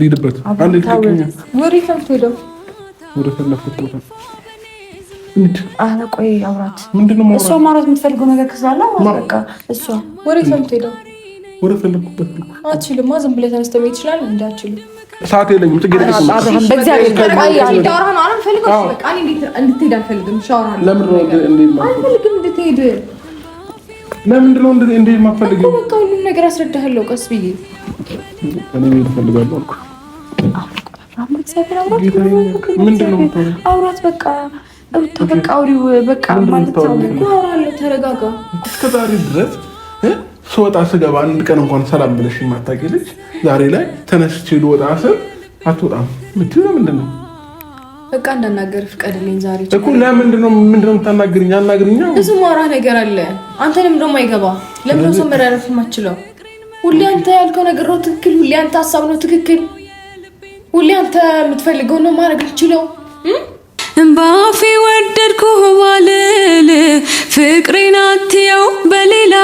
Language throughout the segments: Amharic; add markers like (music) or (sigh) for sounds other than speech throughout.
ልሂድበት አንድ ወደ ፈለኩት ቦታ ቆይ አውራት። ምንድነው እሷ ማውራት የምትፈልገው ነገር ክስላለ በቃ እሷ ወደ ከንት ሄደው ወደ ፈለኩበት አትችልማ። ዝም ብለህ ተነስተህ መሄድ ይችላል። እንዳትችልም ሰዓት የለኝም። ለምንድነው እንድትሄድ ማፈልግ? ሁሉም ነገር አስረዳሃለሁ ቀስ ብዬ እኔ ቤት እፈልጋለሁ አልኩ። አውራት በቃ በቃ አውሪው በቃ ማለት ነው። ተረጋጋ። ድረስ ስወጣ ስገባ አንድ ቀን እንኳን ሰላም ብለሽ የማታውቂ ልጅ ዛሬ ላይ ተነስቼ ልወጣ ስል አትወጣም የምትይው ለምንድን ነው? በቃ እንዳናገር ፍቀድልኝ። ዛሬ እኮ ለምንድን ነው ምንድን ነው የምታናግሪኝ? አናግሪኝ። እሱ ማውራ ነገር አለ። አንተንም ደግሞ አይገባ። ለምንድን ነው ሰው መረረፍ የማችለው ሁሌ አንተ ያልከው ነገር ነው ትክክል። ሁሌ አንተ ሀሳብ ነው ትክክል። ሁሌ አንተ የምትፈልገው ነው ማድረግ ልችለው እምባፌ ወደድኩ ባልል ፍቅሬን አትየው በሌላ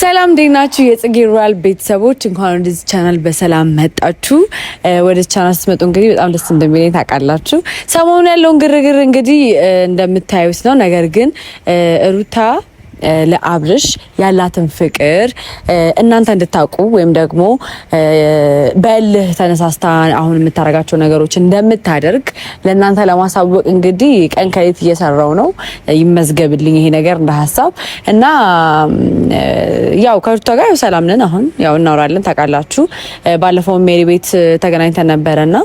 ሰላም እንዴት ናችሁ? የጽጌ ሮያል ቤተሰቦች እንኳን ወደዚ ቻናል በሰላም መጣችሁ። ወደ ቻናል ስትመጡ እንግዲህ በጣም ደስ እንደሚለኝ ታውቃላችሁ። ሰሞኑን ያለውን ግርግር እንግዲህ እንደምታዩት ነው። ነገር ግን ሩታ ለአብርሽ ያላትን ፍቅር እናንተ እንድታውቁ ወይም ደግሞ በእልህ ተነሳስታ አሁን የምታደርጋቸው ነገሮች እንደምታደርግ ለእናንተ ለማሳወቅ እንግዲህ ቀን ከሌት እየሰራው ነው። ይመዝገብልኝ ይሄ ነገር እንደ ሀሳብ እና ያው ከሩታ ጋር ያው ሰላም ነን። አሁን ያው እናወራለን ታውቃላችሁ። ባለፈው ሜሪ ቤት ተገናኝተን ነበረ እና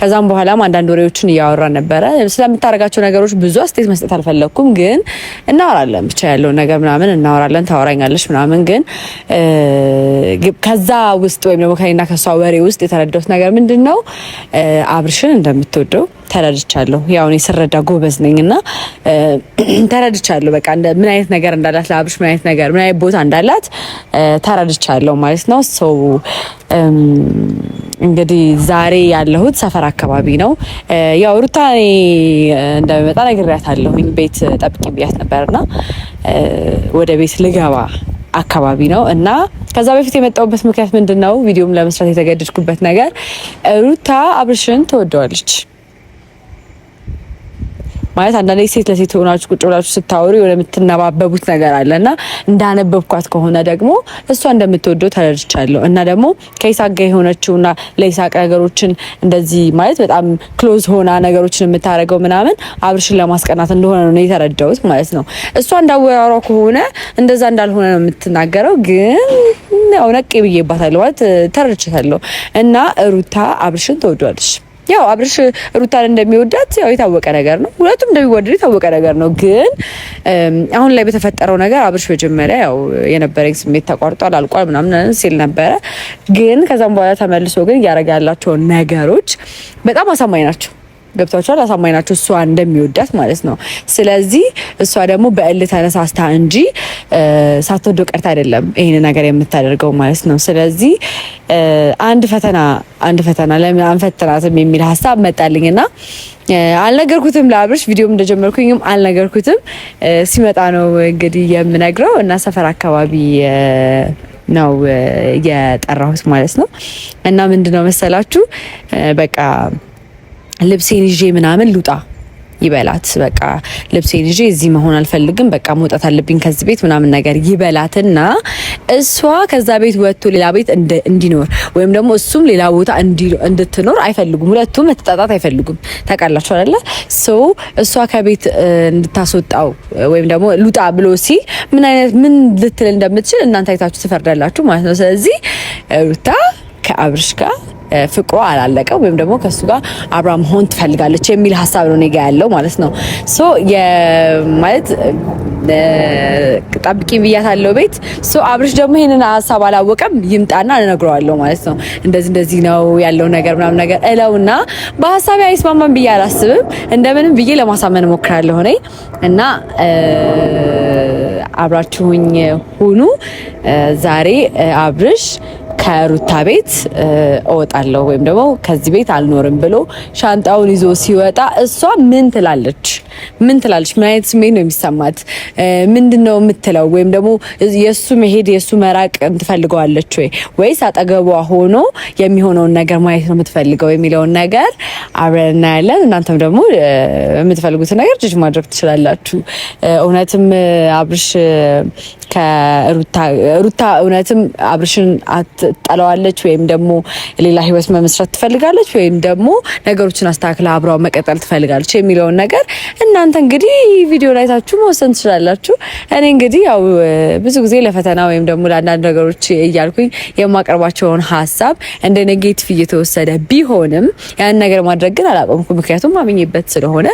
ከዛም በኋላም አንዳንድ ወሬዎችን እያወራ ነበረ። ስለምታደርጋቸው ነገሮች ብዙ አስተያየት መስጠት አልፈለግኩም፣ ግን እናወራለን ብቻ ያለው ነገር ምናምን እናወራለን፣ ታወራኛለች ምናምን። ግን ከዛ ውስጥ ወይም ደግሞ ከኔና ከሷ ወሬ ውስጥ የተረዳሁት ነገር ምንድን ነው አብርሽን እንደምትወደው ተረድቻለሁ። ያው እኔ ስረዳ ጎበዝ ነኝ እና ተረድቻለሁ። በቃ ምን አይነት ነገር እንዳላት ለአብርሽ ምን አይነት ነገር ምን አይነት ቦታ እንዳላት ተረድቻለሁ ማለት ነው። ሰው እንግዲህ ዛሬ ያለሁት ሰፈር አካባቢ ነው። ያው ሩታ እኔ እንደሚመጣ ነግሬያታለሁኝ። ቤት ጠብቂ ብያት ነበርና ወደ ቤት ልገባ አካባቢ ነው እና ከዛ በፊት የመጣሁበት ምክንያት ምንድን ነው? ቪዲዮም ለመስራት የተገደድኩበት ነገር ሩታ አብርሽን ትወደዋለች። ማለት አንዳንዴ ሴት ለሴት ሆናችሁ ቁጭ ብላችሁ ስታወሩ የሆነ የምትነባበቡት ነገር አለ እና እንዳነበብኳት ከሆነ ደግሞ እሷ እንደምትወደው ተረድቻለሁ። እና ደግሞ ከይሳቅ ጋር የሆነችውና ለይሳቅ ነገሮችን እንደዚህ ማለት በጣም ክሎዝ ሆና ነገሮችን የምታደርገው ምናምን አብርሽን ለማስቀናት እንደሆነ ነው የተረዳሁት ማለት ነው። እሷ እንዳወራሯ ከሆነ እንደዛ እንዳልሆነ ነው የምትናገረው። ግን አውነቄ ብዬባታለሁ ማለት ተረድቻታለሁ። እና ሩታ አብርሽን ትወዷለች ያው አብርሽ ሩታን እንደሚወዳት ያው የታወቀ ነገር ነው። ሁለቱም እንደሚወደድ የታወቀ ነገር ነው። ግን አሁን ላይ በተፈጠረው ነገር አብርሽ መጀመሪያ ያው የነበረኝ ስሜት ተቋርጧል፣ አልቋል ምናምን ሲል ነበረ። ግን ከዛም በኋላ ተመልሶ ግን እያረገ ያላቸውን ነገሮች በጣም አሳማኝ ናቸው። ገብቷቸዋል። አሳማኝ ናቸው፣ እሷ እንደሚወዳት ማለት ነው። ስለዚህ እሷ ደግሞ በእል ተነሳስታ እንጂ ሳትወደው ቀርታ አይደለም ይህን ነገር የምታደርገው ማለት ነው። ስለዚህ አንድ ፈተና አንድ ፈተና ለምን አንፈተናትም የሚል ሀሳብ መጣልኝና አልነገርኩትም ለአብርሽ ቪዲዮም እንደጀመርኩኝም አልነገርኩትም። ሲመጣ ነው እንግዲህ የምነግረው እና ሰፈር አካባቢ ነው የጠራሁት ማለት ነው። እና ምንድነው መሰላችሁ በቃ ልብሴን ይዤ ምናምን ልውጣ ይበላት በቃ ልብሴን ይዤ እዚህ መሆን አልፈልግም፣ በቃ መውጣት አለብኝ ከዚህ ቤት ምናምን ነገር ይበላትና እሷ ከዛ ቤት ወጥቶ ሌላ ቤት እንዲኖር ወይም ደግሞ እሱም ሌላ ቦታ እንድትኖር አይፈልጉም። ሁለቱም መተጣጣት አይፈልጉም። ታውቃላችሁ አይደለ? ሶ እሷ ከቤት እንድታስወጣው ወይም ደግሞ ሉጣ ብሎ ሲል ምን አይነት ምን ልትል እንደምትችል እናንተ አይታችሁ ትፈርዳላችሁ ማለት ነው። ስለዚህ ሩታ ከአብርሽ ጋር ፍቅሯ አላለቀው ወይም ደግሞ ከሱ ጋር አብራ መሆን ትፈልጋለች የሚል ሀሳብ ነው ኔጋ ያለው ማለት ነው። ሶ ማለት ጠብቂ ብያታለው ቤት ሶ አብርሽ ደግሞ ይህንን ሀሳብ አላወቀም። ይምጣና እነግረዋለሁ ማለት ነው። እንደዚህ እንደዚህ ነው ያለው ነገር ምናምን ነገር እለውና በሀሳቤ አይስማማም ብዬ አላስብም። እንደምንም ብዬ ለማሳመን ሞክራለሁ እኔ እና አብራችሁኝ ሁኑ ዛሬ አብርሽ ከሩታ ቤት እወጣለሁ ወይም ደግሞ ከዚህ ቤት አልኖርም ብሎ ሻንጣውን ይዞ ሲወጣ እሷ ምን ትላለች? ምን ትላለች? ምን አይነት ስሜት ነው የሚሰማት? ምንድን ነው የምትለው? ወይም ደግሞ የእሱ መሄድ የእሱ መራቅ ትፈልገዋለች ወይ ወይስ አጠገቧ ሆኖ የሚሆነውን ነገር ማየት ነው የምትፈልገው የሚለውን ነገር አብረን እናያለን። እናንተም ደግሞ የምትፈልጉትን ነገር ጅጅ ማድረግ ትችላላችሁ። እውነትም አብርሽ ከሩታ ሩታ እውነትም አብርሽን ትጠለዋለች ወይም ደግሞ ሌላ ህይወት መመስረት ትፈልጋለች ወይም ደግሞ ነገሮችን አስተካክላ አብረው መቀጠል ትፈልጋለች የሚለውን ነገር እናንተ እንግዲህ ቪዲዮ ላይ ታችሁ መወሰን ትችላላችሁ። እኔ እንግዲህ ያው ብዙ ጊዜ ለፈተና ወይም ደግሞ ለአንዳንድ ነገሮች እያልኩኝ የማቀርባቸውን ሀሳብ እንደ ኔጌቲቭ እየተወሰደ ቢሆንም ያንን ነገር ማድረግ ግን አላቆምኩ። ምክንያቱም አምኜበት ስለሆነ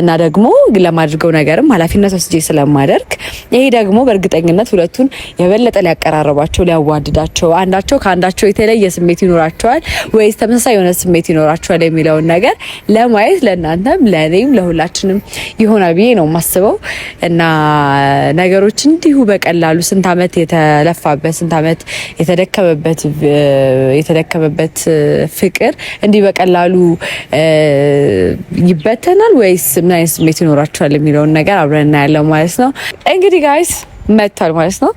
እና ደግሞ ለማድርገው ነገርም ኃላፊነት ወስጄ ስለማደርግ ይሄ ደግሞ በእርግጠኝነት ሁለቱን የበለጠ ሊያቀራረባቸው ሊያዋድዳቸው አንዳቸው ከአንዳቸው የተለየ ስሜት ይኖራቸዋል ወይስ ተመሳሳይ የሆነ ስሜት ይኖራቸዋል የሚለውን ነገር ለማየት ለእናንተም ለእኔም ለሁላችንም ይሆናል ብዬ ነው የማስበው እና ነገሮች እንዲሁ በቀላሉ ስንት አመት የተለፋበት ስንት ዓመት የተደከመበት የተደከመበት ፍቅር እንዲህ በቀላሉ ይበተናል ወይስ ምን አይነት ስሜት ይኖራቸዋል የሚለውን ነገር አብረን እናያለን ማለት ነው። እንግዲህ ጋይስ መጥቷል ማለት ነው።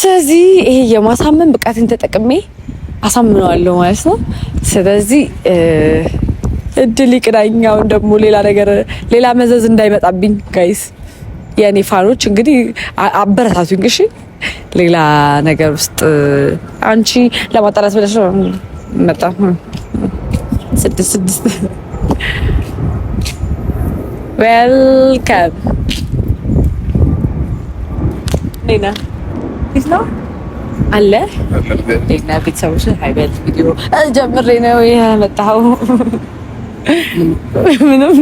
ስለዚህ ይሄ የማሳመን ብቃትን ተጠቅሜ አሳምነዋለሁ ማለት ነው። ስለዚህ እድል ይቅናኛውን ደግሞ ሌላ ነገር ሌላ መዘዝ እንዳይመጣብኝ ጋይስ የእኔ ፋኖች እንግዲህ አበረታቱኝ። እሺ ሌላ ነገር ውስጥ አንቺ ለማጣላት ብለሽ መጣ ስድስት ስድስት ዌልካም ሌና ነው አለ ቤተሰቦች? ሀይበል ቪዲዮ ጀምሬ ነው የመጣኸው? ምንም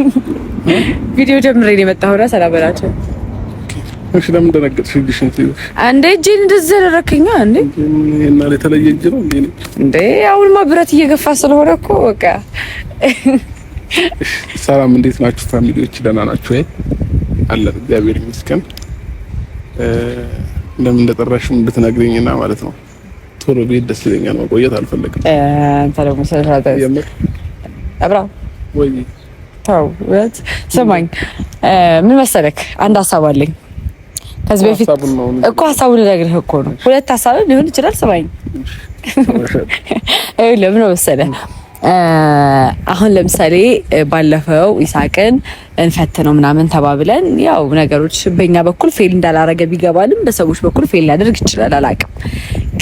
ቪዲዮ ጀምሬ ነው ሰላም በላቸው። እሺ ለምን ደነገጥሽ? እጅሽን ትይዝ እንዴ? እጄን እንደዚህ ያደረከኛ እንዴ? እና የተለየ እጅ ነው እንዴ? አሁንማ ብረት እየገፋ ስለሆነ እኮ በቃ። ሰላም እንዴት ናችሁ ፋሚሊዎች? ደህና ናችሁ ወይ? አለን እግዚአብሔር ይመስገን። ለምን እንደጠራሽም እንድትነግሪኝና ማለት ነው ቶሎ ቤት ደስ ይለኛል። መቆየት አልፈልግም። አንተ ደግሞ ስለሳተ አብራ ወይ ታው ወት ሰማኝ። ምን መሰለክ አንድ ሀሳብ አለኝ ከዚህ በፊት እኮ ሀሳቡን ልነግርህ እኮ ነው። ሁለት ሀሳብ ሊሆን ይችላል። ሰማኝ። አይ ለምን መሰለህ አሁን ለምሳሌ ባለፈው ይሳቅን እንፈትነው ምናምን ተባብለን ያው ነገሮች በእኛ በኩል ፌል እንዳላረገ ቢገባልም በሰዎች በኩል ፌል ሊያደርግ ይችላል፣ አላቅም።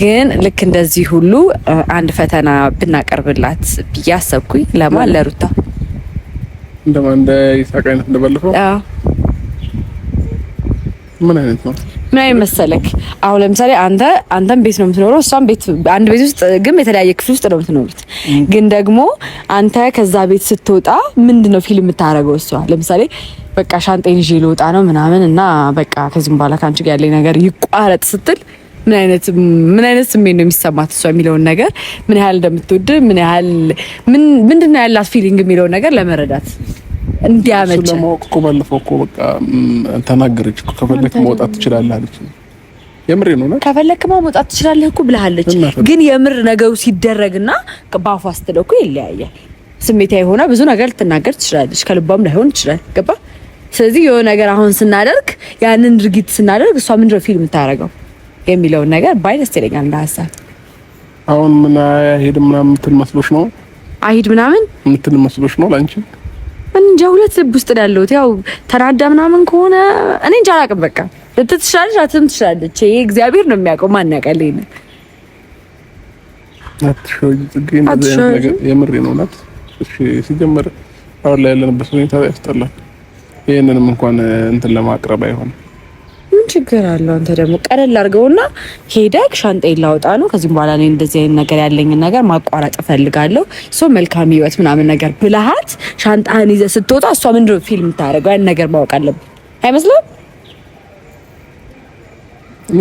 ግን ልክ እንደዚህ ሁሉ አንድ ፈተና ብናቀርብላት ብዬ አሰብኩኝ። ለማን ለሩታ እንደማን እንደ ይሳቅ አይነት እንደባለፈው ምን አይነት ነው ምን መሰለክ፣ አሁን ለምሳሌ አንተ አንተም ቤት ነው የምትኖረው፣ እሷም ቤት አንድ ቤት ውስጥ ግን የተለያየ ክፍል ውስጥ ነው የምትኖሩት። ግን ደግሞ አንተ ከዛ ቤት ስትወጣ ምንድነው ፊልም የምታደርገው? እሷ ለምሳሌ በቃ ሻንጤን ይዤ ልወጣ ነው ምናምን እና በቃ ከዚህም በኋላ ካንቺ ጋር ያለኝ ነገር ይቋረጥ ስትል ምን አይነት ምን አይነት ስሜት ነው የሚሰማት እሷ የሚለውን ነገር ምን ያህል እንደምትወድ ምን ያህል ምንድን ያላት ፊሊንግ የሚለውን ነገር ለመረዳት እንዲያመች ለማወቅ እኮ ባለፈው እኮ በቃ ተናገረች ከፈለክ መውጣት ትችላለህ አለች። የምር ነው ነው ከፈለክ መውጣት ትችላለህ እኮ ብለሃለች። ግን የምር ነገሩ ሲደረግና በአፏ ስትለው እኮ ይለያያል። ስሜታዊ ሆና ብዙ ነገር ልትናገር ትችላለች፣ ከልቧም ላይሆን ይችላል። ገባ? ስለዚህ የሆነ ነገር አሁን ስናደርግ ያንን ድርጊት ስናደርግ እሷ ምንድን ነው ፊልም የምታደርገው የሚለውን ነገር ባይ ይለኛል። እንደ ሀሳብ አሁን ምን አይሄድ ምናምን የምትል መስሎሽ ነው? አይሄድ ምናምን የምትል መስሎሽ ነው ላንቺ እንጃ ሁለት ልብ ውስጥ ያለሁት ያው ተናዳ ምናምን ከሆነ እኔ እንጃ አላውቅም። በቃ ልትትሻለች አትም ትሻለች። ይሄ እግዚአብሔር ነው የሚያውቀው። ማን ያውቃል? ይሄን የምሬ ነው ናት። እሺ ሲጀመር አሁን ላይ ያለንበት ሁኔታ ያስጠላል። ይሄንንም እንኳን እንትን ለማቅረብ አይሆንም ምን ችግር አለው? አንተ ደግሞ ቀለል አድርገውና ሄደክ ሻንጤ ላውጣ ነው፣ ከዚህም በኋላ እኔ እንደዚህ አይነት ነገር ያለኝን ነገር ማቋረጥ እፈልጋለሁ፣ ሶ መልካም ህይወት ምናምን ነገር ብልሃት ሻንጣህን ይዘህ ስትወጣ እሷ ምንድን ነው ፊልም ታደርገው? ያን ነገር ማወቅ አለብን አይመስልም?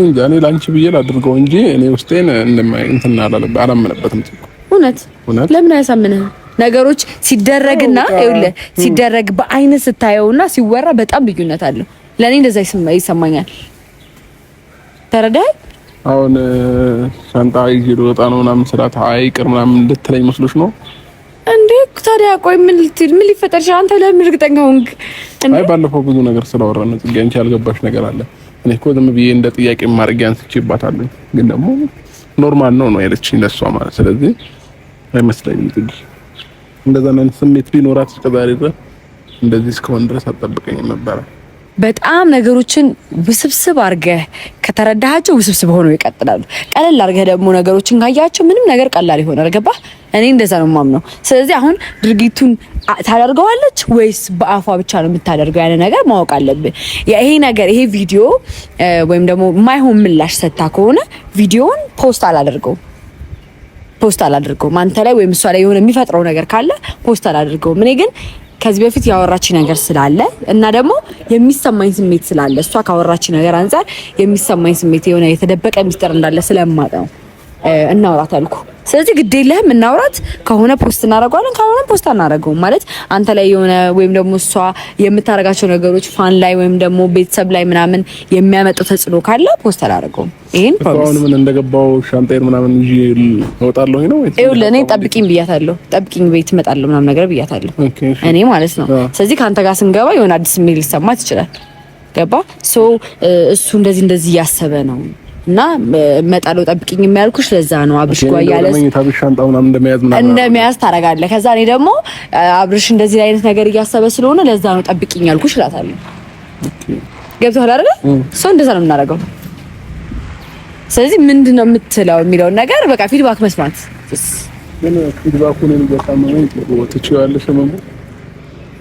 እኔ ላንቺ ብዬ ላድርገው እንጂ እኔ ውስጤን እንደማይ እንትን አላመነበትም። እውነት ለምን አያሳምንህም? ነገሮች ሲደረግና ይኸውልህ ሲደረግ በአይነት ስታየውና ሲወራ በጣም ልዩነት አለው። ለእኔ እንደዛ ይሰማኛል። ተረዳኸኝ? አሁን ሻንጣ ይዤ ልወጣ ነው ምናምን ስላት አይ ቅር ምናምን እንድትለኝ መስሎሽ ነው እንዴ? ታዲያ ቆይ ምን ልትል ምን ሊፈጠር ይችላል? አንተ ለምን እርግጠኛ ሆንክ? አይ ባለፈው ብዙ ነገር ስላወራን ነው። ጽጌ አንቺ ያልገባሽ ነገር አለ። እኔ እኮ ዝም ብዬ እንደ ጥያቄ ማድረግ አንስቼባታለሁ፣ ግን ደግሞ ኖርማል ነው ነው ያለችኝ ለእሷ ማለት ስለዚህ አይመስለኝም ጽጌ እንደዛ ነው ስሜት ቢኖራት እስከዛሬ ድረስ እንደዚህ እስከሆን ድረስ አጠብቀኝ ነበረ። በጣም ነገሮችን ውስብስብ አድርገህ ከተረዳሃቸው ውስብስብ ሆነው ይቀጥላሉ። ቀለል አድርገህ ደግሞ ነገሮችን ካያቸው ምንም ነገር ቀላል ይሆን አርገባ። እኔ እንደዛ ነው የማምነው። ስለዚህ አሁን ድርጊቱን ታደርገዋለች ወይስ በአፏ ብቻ ነው የምታደርገው? ያለ ነገር ማወቅ አለብን። ይሄ ነገር ይሄ ቪዲዮ ወይም ደግሞ ማይሆን ምላሽ ሰታ ከሆነ ቪዲዮውን ፖስት አላደርገው ፖስት አላደርገውም። አንተ ላይ ወይም እሷ ላይ የሆነ የሚፈጥረው ነገር ካለ ፖስት አላደርገውም። እኔ ግን ከዚህ በፊት ያወራች ነገር ስላለ እና ደግሞ የሚሰማኝ ስሜት ስላለ እሷ ካወራች ነገር አንጻር የሚሰማኝ ስሜት የሆነ የተደበቀ ሚስጥር እንዳለ ስለማውቅ ነው። እናውራት አልኩ። ስለዚህ ግድ የለህም እናውራት። ከሆነ ፖስት እናደርገዋለን፣ ካልሆነ ፖስት አናደርገውም። ማለት አንተ ላይ የሆነ ወይም ደግሞ እሷ የምታደርጋቸው ነገሮች ፋን ላይ ወይም ደግሞ ቤተሰብ ላይ ምናምን የሚያመጡ ተጽዕኖ ካለ ፖስት አላደርገውም። ይሄን ፕሮሚስ ምን እንደገባው ሻንጣዬን ምናምን ይዤ እወጣለሁ ነው ወይ? ይኸውልህ እኔ ጠብቂኝ ብያታለሁ። ጠብቂኝ ቤት እመጣለሁ ምናምን ነገር ብያታለሁ እኔ ማለት ነው። ስለዚህ ከአንተ ጋር ስንገባ የሆነ አዲስ ስሜት ሊሰማት ይችላል። ገባ ሶ እሱ እንደዚህ እንደዚህ እያሰበ ነው እና መጣለው ጠብቅኝ የሚያልኩሽ ለዛ ነው። አብርሽ ጓ ታደርጋለህ። ከዛ እኔ ደግሞ አብርሽ እንደዚህ አይነት ነገር እያሰበ ስለሆነ ለዛ ነው ጠብቂኝ ያልኩሽ እላታለሁ። ገብቶሃል አይደል? ሰው እንደዛ ነው የምናደርገው። ስለዚህ ምንድን ነው የምትለው የሚለውን ነገር በቃ ፊድባክ መስማት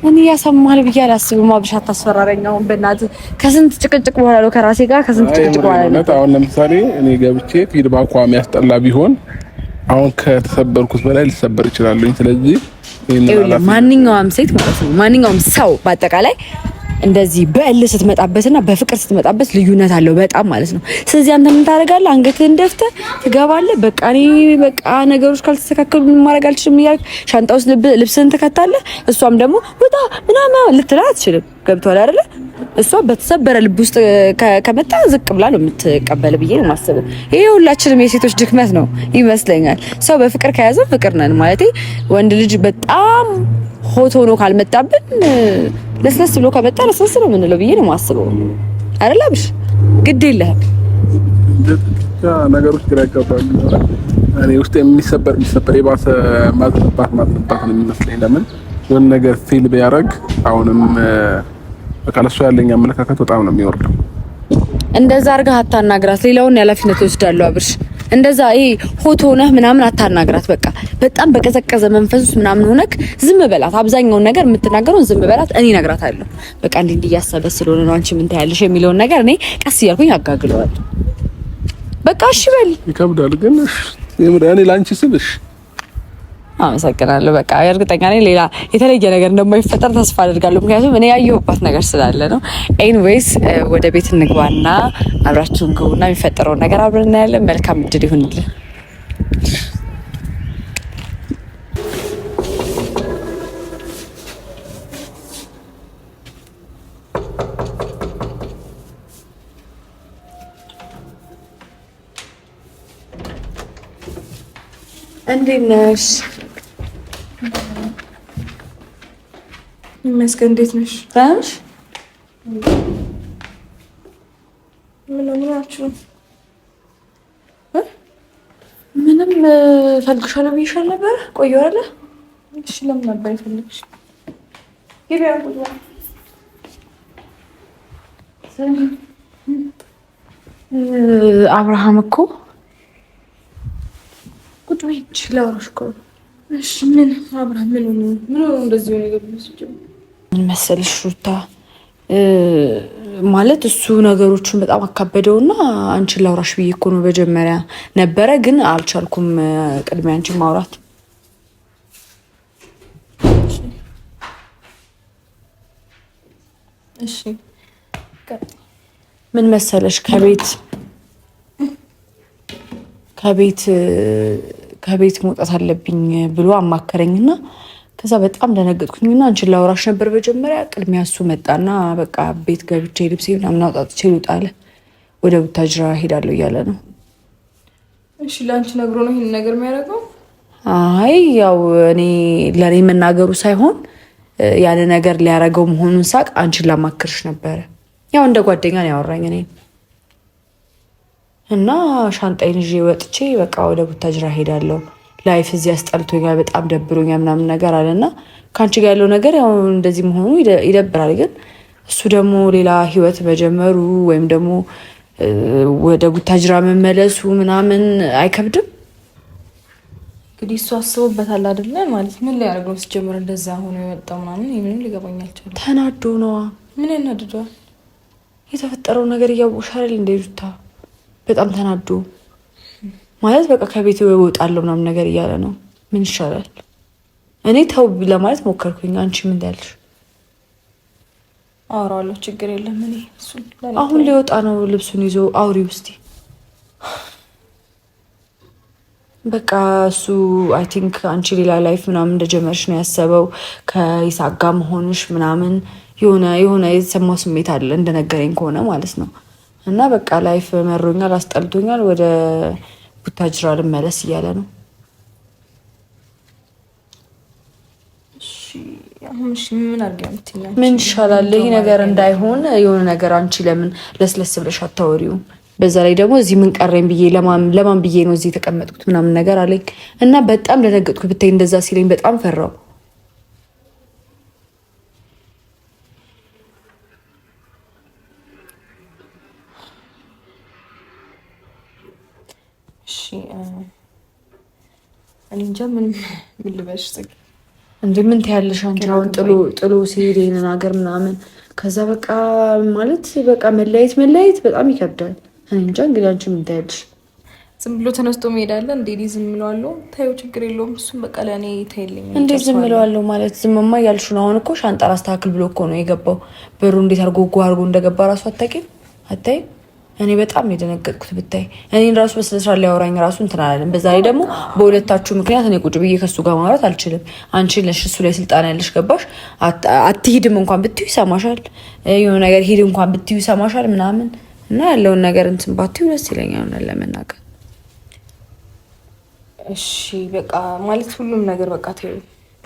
እኔ ያሰማል ብዬ አላስብም። አብሻ አታስፈራረኝ። በእናት በእናትህ ከስንት ጭቅጭቅ በኋላ ነው ከራሴ ጋር ከስንት ጭቅጭቅ በኋላ ነው። አሁን ለምሳሌ እኔ ገብቼ ፊድባኳ የሚያስጠላ ቢሆን አሁን ከተሰበርኩት በላይ ሊሰበር ይችላል። ስለዚህ ማንኛውም ሴት ማለት ነው ማንኛውም ሰው በአጠቃላይ እንደዚህ በእል ስትመጣበትና በፍቅር ስትመጣበት ልዩነት አለው በጣም ማለት ነው። ስለዚህ አንተ ምን ታደርጋለህ? አንገትህን ደፍተህ ትገባለህ። በቃ እኔ በቃ ነገሮች ካልተስተካከሉ ምን ማድረግ አልችልም እያልክ ሻንጣ ውስጥ ልብስህን ትከታለህ። እሷም ደግሞ ውጣ ምናምን ልትልህ አትችልም። ገብቶሃል አይደለ? እሷ በተሰበረ ልብ ውስጥ ከመጣ ዝቅ ብላ ነው የምትቀበል ብዬ ነው የማስበው። ይሄ ሁላችንም የሴቶች ድክመት ነው ይመስለኛል። ሰው በፍቅር ከያዘ ፍቅር ነን ማለት ወንድ ልጅ በጣም ሆት ሆኖ ካልመጣብን ለስለስ ብሎ ከመጣ ለስለስ ነው የምንለው ብዬ ነው የማስበው። አይደል አብሽ? ግድ የለህም ነገሮች ግራ ይገባሉ። እኔ ውስጥ የሚሰበር የሚሰበር የባሰ ማዝነባት ማዝነባት ነው የሚመስለኝ። ለምን የሆነ ነገር ፊል ቢያደርግ አሁንም በቃ ለእሱ ያለኝ አመለካከት በጣም ነው የሚወርደው። እንደዛ አድርገህ አታናግራት። ሌላውን የኃላፊነት ወስዳለሁ አብርሽ እንደዛ ይሄ ሆቶ ነህ ምናምን አታናግራት። በቃ በጣም በቀዘቀዘ መንፈስ ውስጥ ምናምን ሆነክ ዝም በላት። አብዛኛውን ነገር የምትናገረውን ዝም በላት። እኔ እነግራታለሁ። በቃ እንዲህ እንዲህ እያሰበ ስለሆነ ነው አንቺ ምን ታያለሽ የሚለውን ነገር እኔ ቀስ እያልኩኝ አጋግለዋለሁ። በቃ እሺ በል። ይከብዳል ግን እኔ ለአንቺ ስልሽ አመሰግናለሁ። በቃ እርግጠኛ ነኝ ሌላ የተለየ ነገር እንደማይፈጠር ተስፋ አደርጋለሁ፣ ምክንያቱም እኔ ያየሁባት ነገር ስላለ ነው። ኤኒዌይስ ወደ ቤት እንግባና አብራችሁን ግቡና የሚፈጠረውን ነገር አብረን እናያለን። መልካም እድል ይሁንልን። እንዴት ነሽ? ይመስገን። እንዴት ነሽ? ታንሽ ምን ምን አችሁ? ምንም ፈልግሻለሁ ብዬሻል ነበረ። ቆየሁ አይደለ? እሺ፣ ለምን ነበር የፈለግሽ? አብርሃም እኮ ቁጭ ብዬሽ ላወራሽ እኮ ነው እሺ ምን አብራ ምን ምን ሆኖ እንደዚህ ሆነ? ምን መሰልሽ ሩታ፣ ማለት እሱ ነገሮቹን በጣም አካበደው ና አንቺን ላውራሽ ብዬ እኮ ነው መጀመሪያ ነበረ፣ ግን አልቻልኩም ቅድሚያ አንቺን ማውራት። ምን መሰለሽ ከቤት ከቤት ከቤት መውጣት አለብኝ ብሎ አማከረኝና ከዛ በጣም ደነገጥኩኝና አንቺን ላውራሽ ነበር መጀመሪያ። ቅድሚያ እሱ መጣና በቃ ቤት ገብቼ ልብሴ ምናምን አውጣጥቼ ልውጣ አለ። ወደ ቡታጅራ ሄዳለሁ እያለ ነው። እሺ ለአንቺ ነግሮ ነው ይህን ነገር የሚያደርገው? አይ ያው እኔ ለእኔ መናገሩ ሳይሆን ያን ነገር ሊያደርገው መሆኑን ሳቅ አንቺን ላማክርሽ ነበረ። ያው እንደ ጓደኛ ነው ያወራኝ እኔ እና ሻንጣዬን ይዤ ወጥቼ በቃ ወደ ቡታጅራ ሄዳለሁ። ላይፍ እዚህ አስጠልቶኛል፣ በጣም ደብሮኛል ምናምን ነገር አለና ከአንቺ ጋር ያለው ነገር ያው እንደዚህ መሆኑ ይደብራል። ግን እሱ ደግሞ ሌላ ህይወት መጀመሩ ወይም ደግሞ ወደ ቡታጅራ መመለሱ ምናምን አይከብድም። እንግዲህ እሱ አስቦበታል አይደለ? ማለት ምን ላይ ያደርገው ሲጀምር እንደዛ ሆኖ የወጣው ምናምን ምንም ሊገባኝ አልቻለም። ተናዶ ነዋ። ምን ያናድደዋል? የተፈጠረው ነገር እያወቅሽ አይደል እንደ በጣም ተናዶ ማለት በቃ ከቤት እወጣለሁ ምናምን ነገር እያለ ነው። ምን ይሻላል? እኔ ተው ለማለት ሞከርኩኝ። አንቺ ምን ያልሽ? አውራለሁ፣ ችግር የለም። እኔ አሁን ሊወጣ ነው። ልብሱን ይዞ አውሪ ውስቲ። በቃ እሱ አይ ቲንክ አንቺ ሌላ ላይፍ ምናምን እንደጀመርሽ ነው ያሰበው ከይሳጋ መሆንሽ ምናምን የሆነ የሆነ የተሰማው ስሜት አለ እንደነገረኝ ከሆነ ማለት ነው። እና በቃ ላይፍ መሮኛል፣ አስጠልቶኛል፣ ወደ ቡታጅራ ልመለስ እያለ ነው። ምን ይሻላል ይህ ነገር እንዳይሆን የሆነ ነገር አንቺ ለምን ለስለስ ብለሽ አታወሪውም? በዛ ላይ ደግሞ እዚህ ምን ቀረኝ ብዬ ለማን ብዬ ነው እዚህ የተቀመጥኩት ምናምን ነገር አለኝ እና በጣም ደነገጥኩ። ብታይ እንደዛ ሲለኝ በጣም ፈራው። እኔ እንጃ ምን (laughs) ምን ልበልሽ ፅጌ እንዴ ምን ትያለሽ አንቺ? አሁን ጥሎ ጥሎ ሲሄድ ይሄንን ሀገር ምናምን ከዛ በቃ ማለት በቃ መለያየት መለያየት በጣም ይከብዳል። እኔ እንጃ እንግዲህ አንቺ ምን ትያለሽ? ዝም ብሎ ተነስቶ መሄዳለ እንዴ? ዝም እለዋለሁ። ታዩ ችግር የለውም እሱም በቃ ለእኔ ታይልኝ። እንዴት ዝም እለዋለሁ ማለት ዝምማ እያልሽ ነው? አሁን እኮ ሻንጣ አስተካክል ብሎ እኮ ነው የገባው። በሩ እንዴት አርጎ ጎ አርጎ እንደገባ ራሱ አታውቂም አታይም እኔ በጣም የደነገጥኩት ብታይ እኔን ራሱ በስነስርዓት ሊያወራኝ ራሱ እንትን አላለም። በዛ ላይ ደግሞ በሁለታችሁ ምክንያት እኔ ቁጭ ብዬ ከሱ ጋር ማውራት አልችልም። አንቺ ነሽ እሱ ላይ ስልጣን ያለሽ ገባሽ። አትሂድም እንኳን ብትዩ ይሰማሻል። የሆነ ነገር ሂድ እንኳን ብትዩ ይሰማሻል ምናምን እና ያለውን ነገር እንትን ባትዩ ደስ ይለኛል ለመናገር። እሺ በቃ ማለት ሁሉም ነገር በቃ ተይው፣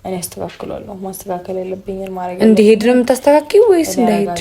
እኔ አስተካክላለሁ። ማስተካከል ያለብኝን ማድረግ እንዲሄድ ነው የምታስተካክዪው ወይስ እንዳይሄድ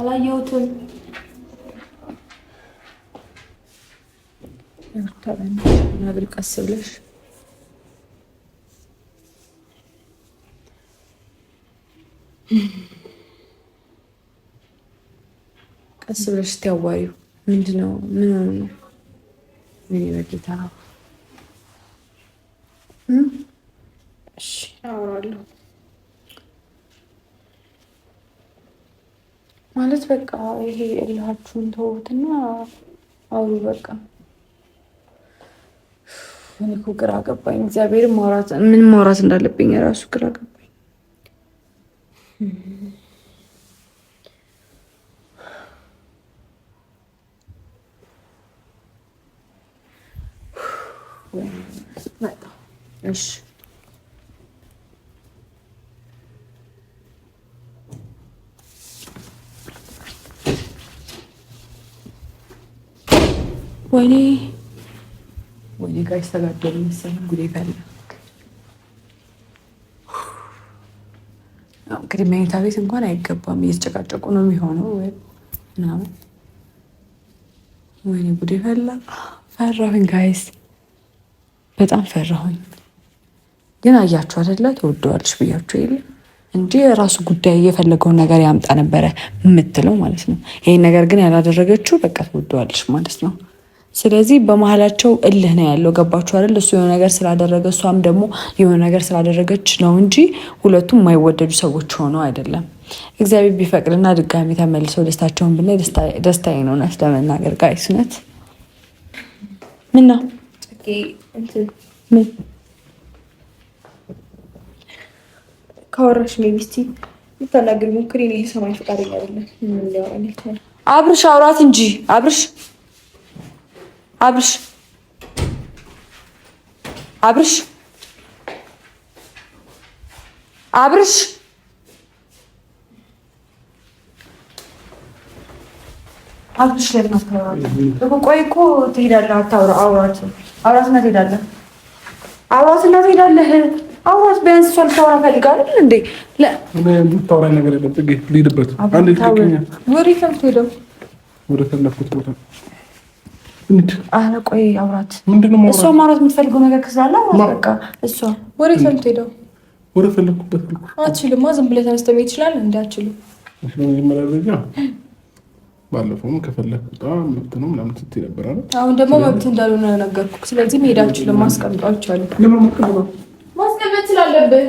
Olá, Yotun. Eu tô vendo. Não abre né? é o cacilhas. Cacilhas de teu olho. Muito não. Não. Menino aqui tá. በቃ ይሄ እልሃችሁን ተውትና አውሩ። በቃ እኔ እኮ ግራ ገባኝ። እግዚአብሔር ምን ማውራት እንዳለብኝ ራሱ ግራ ገባኝ። እሺ ወይኔ ወይኔ ጋሽ ተጋደሉ መሰለኝ ጉዴ ፈላ። እንግዲህ መኝታ ቤት እንኳን አይገባም፣ እየተጨቃጨቁ ነው የሚሆነው ወይ ምናምን። ወይኔ ጉዴ ፈላ። ፈራሁኝ ጋይስ፣ በጣም ፈራሁኝ። ግን አያችሁ አደለ ተወደዋለች ብያችሁ የለም እንጂ የራሱ ጉዳይ የፈለገውን ነገር ያምጣ ነበረ የምትለው ማለት ነው። ይሄን ነገር ግን ያላደረገችው በቃ ተወደዋለች ማለት ነው። ስለዚህ በመሀላቸው እልህ ነው ያለው። ገባችሁ አይደል? እሱ የሆነ ነገር ስላደረገ እሷም ደግሞ የሆነ ነገር ስላደረገች ነው እንጂ ሁለቱም የማይወደዱ ሰዎች ሆነው አይደለም። እግዚአብሔር ቢፈቅድና ድጋሚ ተመልሰው ደስታቸውን ብናይ ደስታዬ ነው። እውነት ለመናገር ጋይስ እውነት ምን ነው ከወራሽ ሚስቲ ልታናግር ሞክሪ። እኔ ልሰማኝ ፈቃደኛ አይደለም። አብርሽ አውራት እንጂ አብርሽ አብርሽ አብርሽ አብርሽ አብርሽ ለምን ቆይ እኮ ትሄዳለህ። አታውራ። አውራት አውራትና ትሄዳለህ። አውራትና ትሄዳለህ። አውራት ቢያንስ እሷ ልታወራ ፈልጋ እንዴ? ታወራ ነገር የለም። ልሂድበት ወደ ፈለኩት ቦታ ኧረ ቆይ አውራት። እሷ ማውራት የምትፈልገው ነገር ክስላለ በቃ እሷ ወዴት ነው የምትሄደው? ወደ ፈለግኩበት ልኩ። አትችልማ። ዝም ብለህ ተነስተህ መሄድ ይችላል። እንዳትችልም መጀመሪያ ደረጃ ባለፈውም ከፈለክ ውጣ መብት ነው ምናምን ስትይ ነበር አለ። አሁን ደግሞ መብት እንዳልሆነ ነገርኩህ። ስለዚህ መሄድ አትችልም። ማስቀምጧቸዋለሁ። ማስቀመጥ ስላለብህ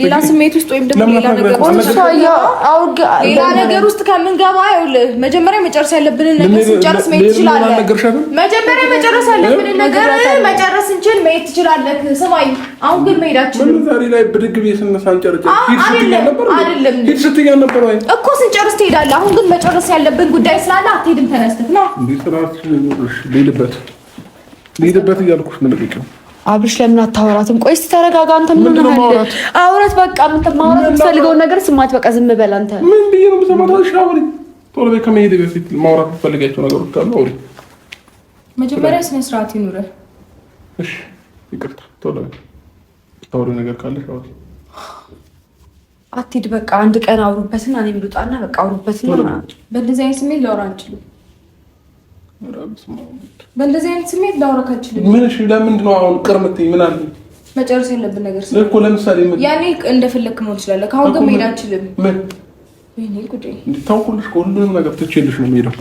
ሌላ ስሜት ውስጥ ወይም ደግሞ ሌላ ነገር ውስጥ ከምንገባ መጀመሪያ መጨረስ ያለብንን ነገር ስንጨርስ መሄድ ትችላለህ። መጀመሪያ መጨረስ ያለብንን ነገር መጨረስ እንችል መሄድ ትችላለህ። ስማኝ፣ አሁን ግን መሄዳችን ዛሬ ላይ ብድግ ብዬ እኮ ስንጨርስ ትሄዳለህ። አሁን ግን መጨረስ ያለብን ጉዳይ ስላለ አትሄድም። ተነስተህ ነው ሊልበት ልሂድበት እያልኩሽ አብርሽ ለምን አታወራትም? ቆይ እስኪ ተረጋጋ። አንተ ምን ነው አውራት በቃ አንተ ማውራት የምትፈልገውን ነገር ስማት። በቃ ዝም በል አንተ። ምን ብዬ ነው የምሰማት? አውሪ ቶሎ በይ። ከመሄድ በፊት ማውራት የምትፈልጋቸው ነገሮች አሉ። አውሪ። መጀመሪያ ስነ ስርዓት ይኑረህ። እሺ፣ ይቅርታ። ቶሎ በይ። ታውሪ ነገር ካለሽ አውሪ። አትሂድ። በቃ አንድ ቀን አውሩበትና እኔም ልውጣና በቃ አውሩበትና በእንደዚህ አይነት ስሜት ላውራ አንችልም። በእንደዚህ አይነት ስሜት ላውራክ አልችልም። ምንሽ ለምንድን ነው አሁን ቅርምት ምን አለ መጨረስ ያለብን ነገር እኮ ለምሳሌ ምን ያኔ እንደፈለክ መሆን ትችላለህ። ከአሁን ግን መሄድ አልችልም። ምን እንድታውቁልሽ ሁሉንም ነገር ትችልሽ ነው የሚሄደው።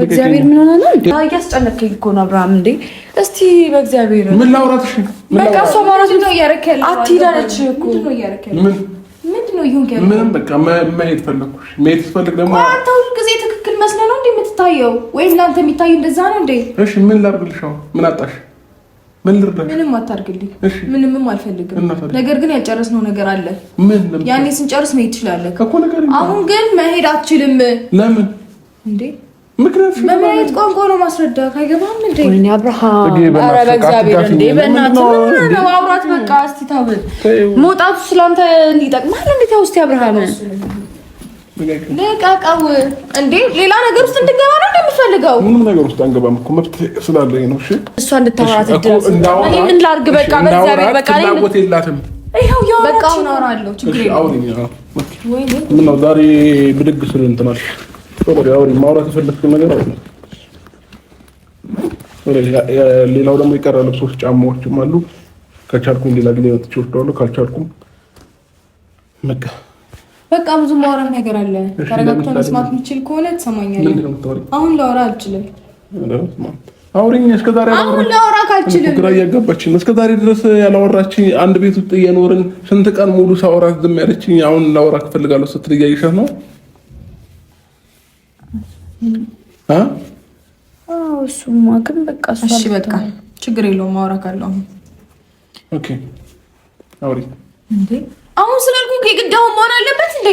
በእግዚአብሔር ምን ሆነ ነው እያስጨነቀኝ እኮ ነው አብርሃም። እንዴ እስቲ በእግዚአብሔር ምን ላውራትሽ? በቃ እሷ ማለት ነው እያረከለ አትሄዳለች እኮ ምን ምንድን ነው ይሁን ምንም በቃ መሄድ ፈለኩሽ። መሄድ ስትፈልግ ደግሞ አንተ ሁሉ ጊዜ ትክ መስለህ ነው እንዴ የምትታየው? ወይም ለአንተ የሚታየው እንደዛ ነው እንዴ? እሺ ምን ላድርግልሽ? ምን አጣሽ? ምን ልርዳሽ? ምንም አታድርግልኝ። ምንምም አልፈልግም። ነገር ግን ያልጨረስነው ነገር አለ። ያኔ ስንጨርስ መሄድ ትችላለህ። አሁን ግን መሄድ አትችልም። ለምን እንዴ? ምክንያቱም በመሬት ቋንቋ ነው ማስረዳ አይገባም እንዴ? ወይኔ አብርሃም፣ ኧረ በእግዚአብሔር እንዴ! በእናትህ አውራት በቃ። እስኪ ታብል መውጣቱ ስለአንተ ይጠቅማል እንዴ? ታውስቲ አብርሃም ልቀቀው እንዴ! ሌላ ነገር ውስጥ እንድገባ ነው እንደምፈልገው። ምንም ነገር ውስጥ አንገባም እኮ መብትህ ስላለኝ ነው። እሺ እሷ እንድታወራት ድረስ ምን ላድርግ? በቃ በእግዚአብሔር በቃ የላትም። አሁን ዛሬ ማውራት ነገር ሌላው ደግሞ የቀረ ልብሶች፣ ጫማዎችም አሉ። ከቻልኩም ሌላ ጊዜ መጥቼ ወስደዋለሁ። ካልቻልኩም በቃ በቃ ብዙ ማውራት ነገር አለ። ተረጋግቶ መስማት የምችል ከሆነ ትሰማኛለህ። አሁን ላውራ አልችልም። አውሪኝ። እስከዛሬ አሁን ላውራ ካልችልም ግራ እያጋባችኝ። እስከዛሬ ድረስ ያላወራችኝ አንድ ቤት ውስጥ እየኖርን ስንት ቀን ሙሉ ሳወራት ዝም ያለችኝ አሁን ላውራ እፈልጋለሁ ስትል እያየሻት ነው። እሱማ ግን በቃ እሺ፣ በቃ ችግር የለውም። አውራ ካለው አሁን እንዴ አሁን ስላልኩ የግድ አሁን መሆን አለበት እንዴ?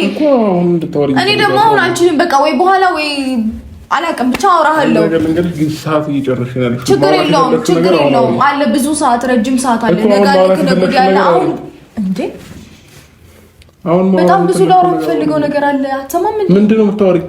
እኔ ደግሞ አሁን አልችልም። በቃ ወይ በኋላ ወይ አላውቅም፣ ብቻ አውራሃለሁ። ችግር የለውም፣ ችግር የለውም። አለ ብዙ ሰዓት፣ ረጅም ሰዓት አለ። ነገ አለ፣ ከነገ ወዲያ አለ። አሁን እንዴ በጣም ብዙ ላውራ የምፈልገው ነገር አለ። አትሰማም? ምንድን ነው የምታወሪው?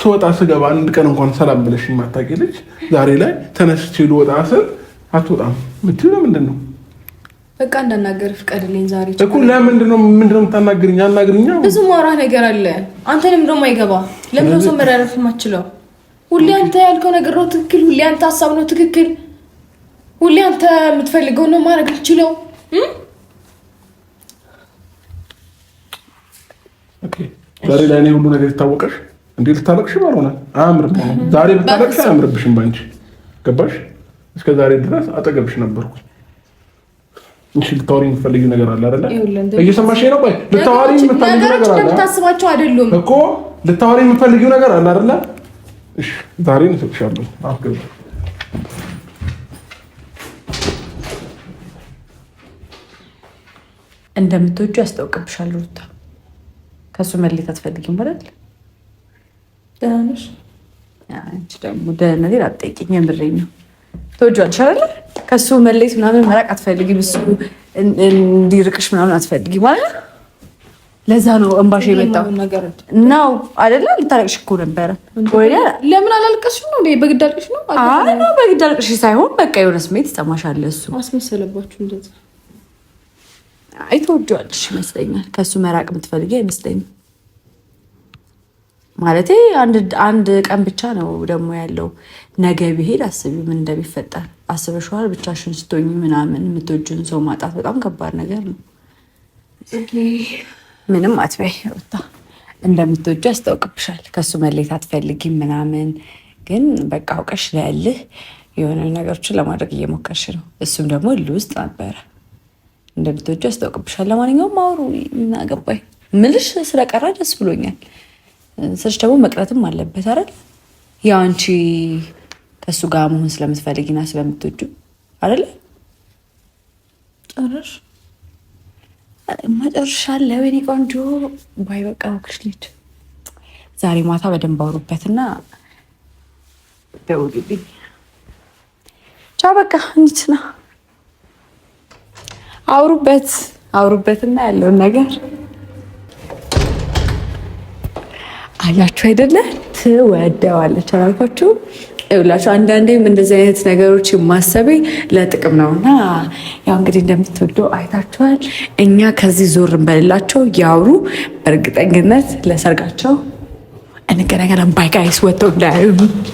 ስወጣ ስገባ አንድ ቀን እንኳን ሰላም ብለሽ የማታውቂ ልጅ ዛሬ ላይ ተነስቼ ልወጣ ስል አትወጣም የምትይው ለምንድን ነው? በቃ እንዳናገር ፍቀድልኝ። ዛሬ እኮ ለምንድን ነው ምንድን ነው የምታናግርኝ? አናግርኛ ብዙ ማውራ ነገር አለ። አንተንም እንደውም አይገባ። ለምንድን ሰው መራረፍ የማችለው? ሁሌ አንተ ያልከው ነገር ነው ትክክል። ሁሌ አንተ ሀሳብ ነው ትክክል። ሁሌ አንተ የምትፈልገው ነው ማድረግ ልችለው። ዛሬ ላይ እኔ ሁሉ ነገር ይታወቀሽ እንዴ ልታለቅሽም አልሆነ አያምርም። ዛሬ ብታለቅሽ አያምርብሽም ባንቺ ገባሽ። እስከ ዛሬ ድረስ አጠገብሽ ነበርኩ። እሺ ልታወሪ የምትፈልጊው ነገር አለ አይደለ? እየሰማሽ ነው? ቆይ ልታወሪ የምትፈልጊው ነገር አለ እንደምታስባቸው አይደሉም እኮ ልታወሪ የምትፈልጊው ነገር አለ አይደለ? እሺ ዛሬ እሰጥሻለሁ። አፍገብ እንደምትወጁ ያስታውቅብሻል። ሩታ ከሱ መሌት አትፈልጊም ማለት ደህና ነሽ? አንቺ ደግሞ አትጠይቂኝ። ነው። ተወጇልሽ አይደለ? ከሱ መለየት ምናምን መራቅ አትፈልጊም። እሱ እንዲርቅሽ ምናምን አትፈልጊም ማለት ለዛ ነው እንባሽ የመጣው ነው አይደለ? ልታለቅሽ እኮ ነበረ። ለምን ነው? በግድ አልቅሽ ነው? አይ ነው በግድ አልቅሽ ሳይሆን በቃ የሆነ ስሜት ይሰማሻል። እሱ አስመሰለባችሁ እንደዛ። አይ ተወጇልሽ ይመስለኛል። ከእሱ መራቅ የምትፈልጊ አይመስለኝም። ማለት አንድ ቀን ብቻ ነው ደግሞ ያለው። ነገ ቢሄድ አስቢ ምን እንደሚፈጠር አስበሽዋል? ብቻሽን ስትሆኝ ምናምን የምትወጂውን ሰው ማጣት በጣም ከባድ ነገር ነው። ምንም አትበይ ሩታ፣ ያስታውቅብሻል። ከሱ መሌት አትፈልጊም ምናምን፣ ግን በቃ አውቀሽ ለያልህ የሆነ ነገሮችን ለማድረግ እየሞከርሽ ነው። እሱም ደግሞ እል ውስጥ ነበረ። እንደምትወጁ ያስታውቅብሻል። ለማንኛውም አውሩ፣ ምን አገባኝ ምልሽ ስለቀራ ደስ ብሎኛል። ስርች ደግሞ መቅረትም አለበት አይደል? ያው አንቺ ከእሱ ጋር መሆን ስለምትፈልጊና ስለምትወጁ አይደለ? ጨረሽ መጨረሻ አለ። ወይኔ ቆንጆ ባይ በቃ ክሽ ልጅ ዛሬ ማታ በደንብ አውሩበትና ደውልልኝ። ቻ በቃ እንትና አውሩበት አውሩበትና ያለውን ነገር አያችሁ አይደለ? ትወደዋለች አላልኳችሁ? ይኸውላችሁ አንዳንዴም እንደዚህ አይነት ነገሮች ማሰቤ ለጥቅም ነው። እና ያው እንግዲህ እንደምትወደው አይታችኋል። እኛ ከዚህ ዞር እንበልላቸው፣ ያውሩ። በእርግጠኝነት ለሰርጋቸው እንገናኛለን። ባይ ጋይስ ወጥተው እንዳያዩ